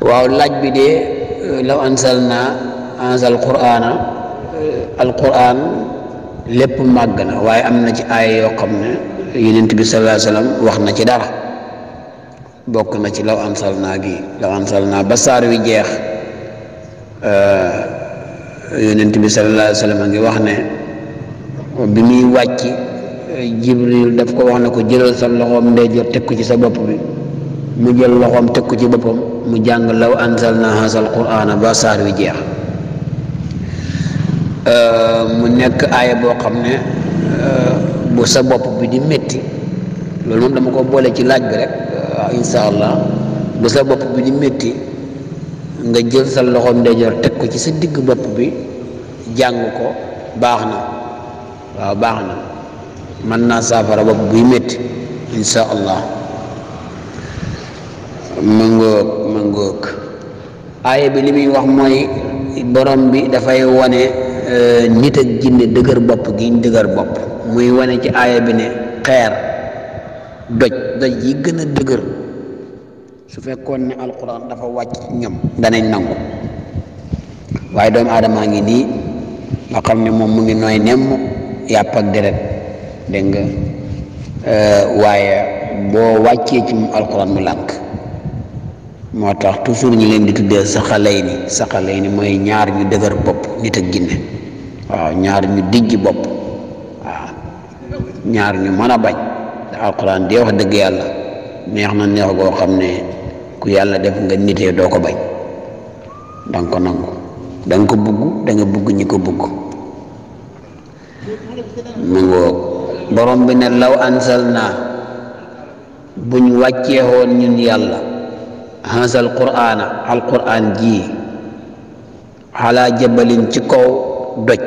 waaw laaj bi de euh, law anzalna anzal qur'ana euh, alquran lépp màgg na waaye am na ci aaya yoo xam ne yonent bi sallallahu wax na ci dara bokk na ci law anzalna gi law anzalna ba saar wi jeex euh, yonent bi sallallahu alayhi wasallam a ngi wax ne bi muy wàcc jibril daf ko wax na ko jëlal sa loxoom ndeyjoor teg ko ci sa bopp bi mu jël loxoom teg ko ci boppam mu jàng law anzalna hazal qur'ana ba saar wi jeex euh, mu nekk aaya boo xam ne euh, bu sa bopp bi di metti loolu moom dama ko boole ci laaj bi rek euh, insha allah bu sa bopp bi di métti nga jël sa loxoom ndeyjoor teg ko ci sa digg bopp bi jàng ko baax na waaw baax na mën naa saafara bopp buy metti insha allah mëngoog mëngoog aaya bi li muy wax mooy borom bi dafay wane e, nit ak jinne dëgër bopp gi ñu dëgër bopp muy wane ci aaya bi ne xeer doj doj yi gën a dëgër su fekkoon ne alquran dafa wàcc ñoom danañ nangu waaye doomu aadamaa ngi nii nga xam ne moom mu ngi nooy nemm yàpp ak deret dégg nga e, waaye boo wàccee ci moom alquran mu motax toujours ñu leen di tuddee saxalay ni xalé ni moy ñaar ñu dëgër bop nit ak ginné wa ñaar ñu dijj bop wa ñaar ñu mëna bañ alcorane di wax dëgg yalla neex na neex go xamné ne ku yalla def nga nité do ko bañ dang ko nang dang ko bugg da nga bugg ñi ko bugg nango borom bi ne law ansal buñ buñ hon ñun yalla hansal quraana alquraan jii xalaa jabalin ci kaw doj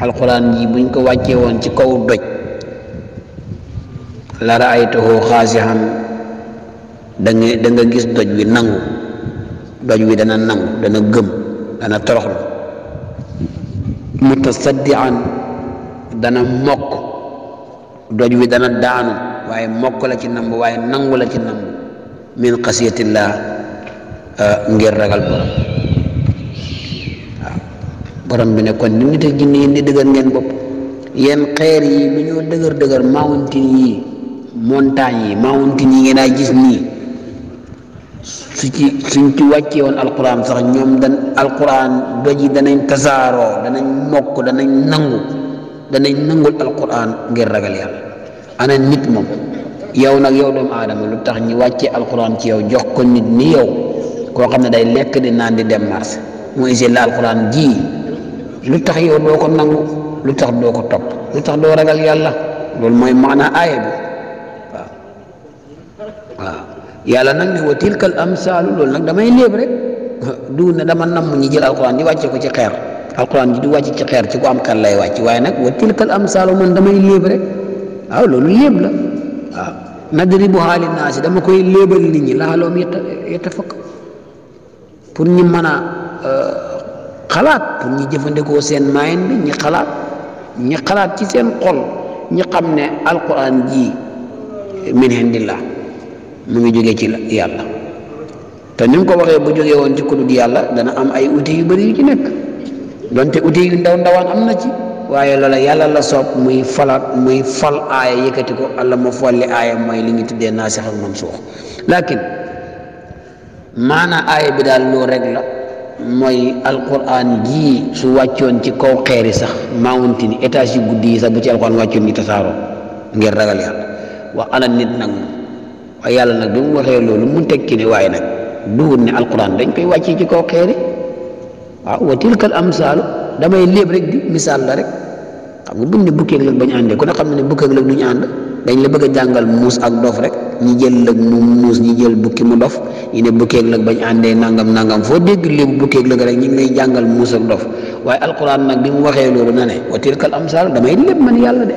alquraan jii buñ ko wàccee woon ci kaw doj la raaytahu xaasixan da nga da nga gis doj wi nangu doj wi dana nangu dana gëm dana toroxlu mutasaddian dana mokk doj wi dana daanu waaye mokk la ci namb waaye nangu la ci namb min xasiyatillah euh, ngir ragal borom borom bi ne kon ni nit ak jinne yéen di dëgër ngeen bopp yéen xeer yi lu ñoo dëgër dëgër mountain yi montagne yi mountain yi ngeen ay gis nii su ci suñ ci wàccee woon alquran sax ñoom dan alquran doj yi danañ tasaaroo danañ mokk danañ nangu danañ nangul alquran ngir ragal yàlla ana nit moom yow nag yow doomu aadama lu tax ñu wàcce alquran ci yow jox ko nit ni yow koo xam ne day lekk di naan di dem marché mooy jël la alquran ji lu tax yow doo ko nangu lu tax doo ko topp lu tax doo ragal yàlla loolu mooy maanaa aaya bi waaw waaw yàlla nag ne wa tilka al amsaalu loolu nag damay léeb rek du ne dama namm ñi jël alquran di wàcce ko ci xeer alquran ji di wàcc ci xeer ci ko am kan lay wàcc waaye nag wa tilka al amsaalu man damay léeb rek waaw loolu léeb la. waaw nadribuha linnaasi dama koy léebal nit ñi laaloom yetta yetta fakk pour ñi mën a euh, xalaat pour ñi jëfandikoo seen maayen ñi xalaat ñi xalaat ci seen xol ñi xam ne alquran ji min indillah mu ngi jógee ci yàlla te ni ko waxee bu jógee woon ci kudut yàlla dana am ay outil yu bëri yu ci nekk donte outil yu ndaw ndawaan am na ci waaye loola yàlla la soob muy falaat muy fal aaya yëkkati ko allah ma folli aaya mooy li ñu tuddee naasix ak mansuux laakin maanaa aaya bi daal loolu rek la mooy alquran jii su wàccoon ci kaw xeeri sax maawuntini étage yu guddi yi sax bu ci alquran wàccoon ni ngir ragal yàlla wax ana nit nag moom yàlla nag du mu waxee loolu mu tekki ne waaye nag duwut ne alquran dañ koy wàccee ci kaw xeeri waaw wa tilkal amsaalu damay léeb rek di misaal la rek xam nga buñ ne bukki ak lëg bañ àndee ko ne xam ne ne bukki ak lëg du ñu ànd dañ la bëgg a jàngal muus ak dof rek ñi jël lëg mu muus ñi jël bukki mu dof ñu ne bukki lëg bañ àndee nangam nangam foo dégg léegi bukki rek ñu ngi lay jàngal muus ak dof waaye alquran nag bi mu waxee loolu na ne wa tilkal amsal damay lépp man yàlla de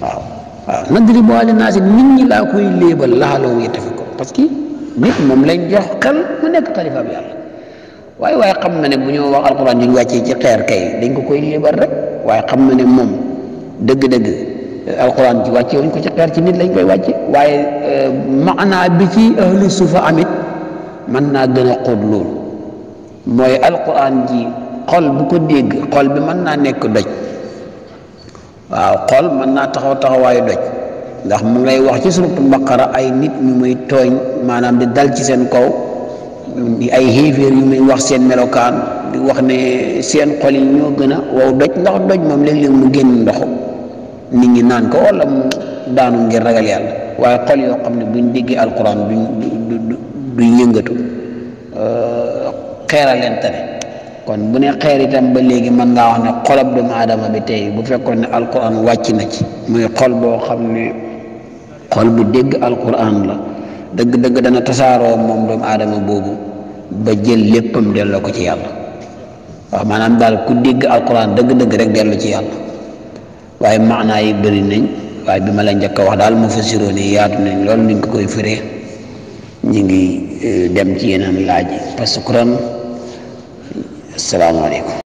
waaw waaw nadribu linnaasi nit ñi laa koy léebal la'allahum yattafakkun parce que nit moom lañ jox xel mu nekk xalifa yàlla waaye waaye xam na ne bu ñu wax alquran ñu wàccee ci waaye xam na ne moom dëgg-dëgg euh, alquran ji wàcce wuñ ko ci xeer ci nit lañ koy wàcce waaye euh, maanaa bi ci ahlu suufa amit mën naa gën a xóot loolu mooy alquran ji xol bu ko dégg xol bi mën naa nekk doj waaw xol mën naa taxaw taxawaayu doj ndax mu ngay wax ci suratul mbaqara ay nit ñu muy tooñ maanaam di dal ci seen kaw ay xéeféer yu muy wax seen melokaan di wax ne seen xol yi ñoo gën a wow doj ndax doj moom léeg-léeg mu génn ndoxu nit ñi naan ko wala mu daanu ngir ragal yàlla waaye xol yoo xam ne buñ déggee alquran duñ du yëngatu xeera kon bu ne xeer ba léegi mën ngaa wax ne xolab doomu bi tey bu fekkoon ne alquran wàcc na ci muy xol boo xam ne xol bu dégg alquran la dëgg-dëgg dana tasaaroo moom doomu aadama boobu ba jël léppam delloo ko ci yàlla waaw maanaam daal ku dégg alquran dëgg-dëgg rek dellu ci yàlla waaye maanaa yi bëri nañ waaye bi ma la njëkk a wax daal mu fasiroo ne yaatu nañ loolu niñ koy firee ñu ngi eh, dem ci yeneen laaj yi parce que ron asalaamaaleykum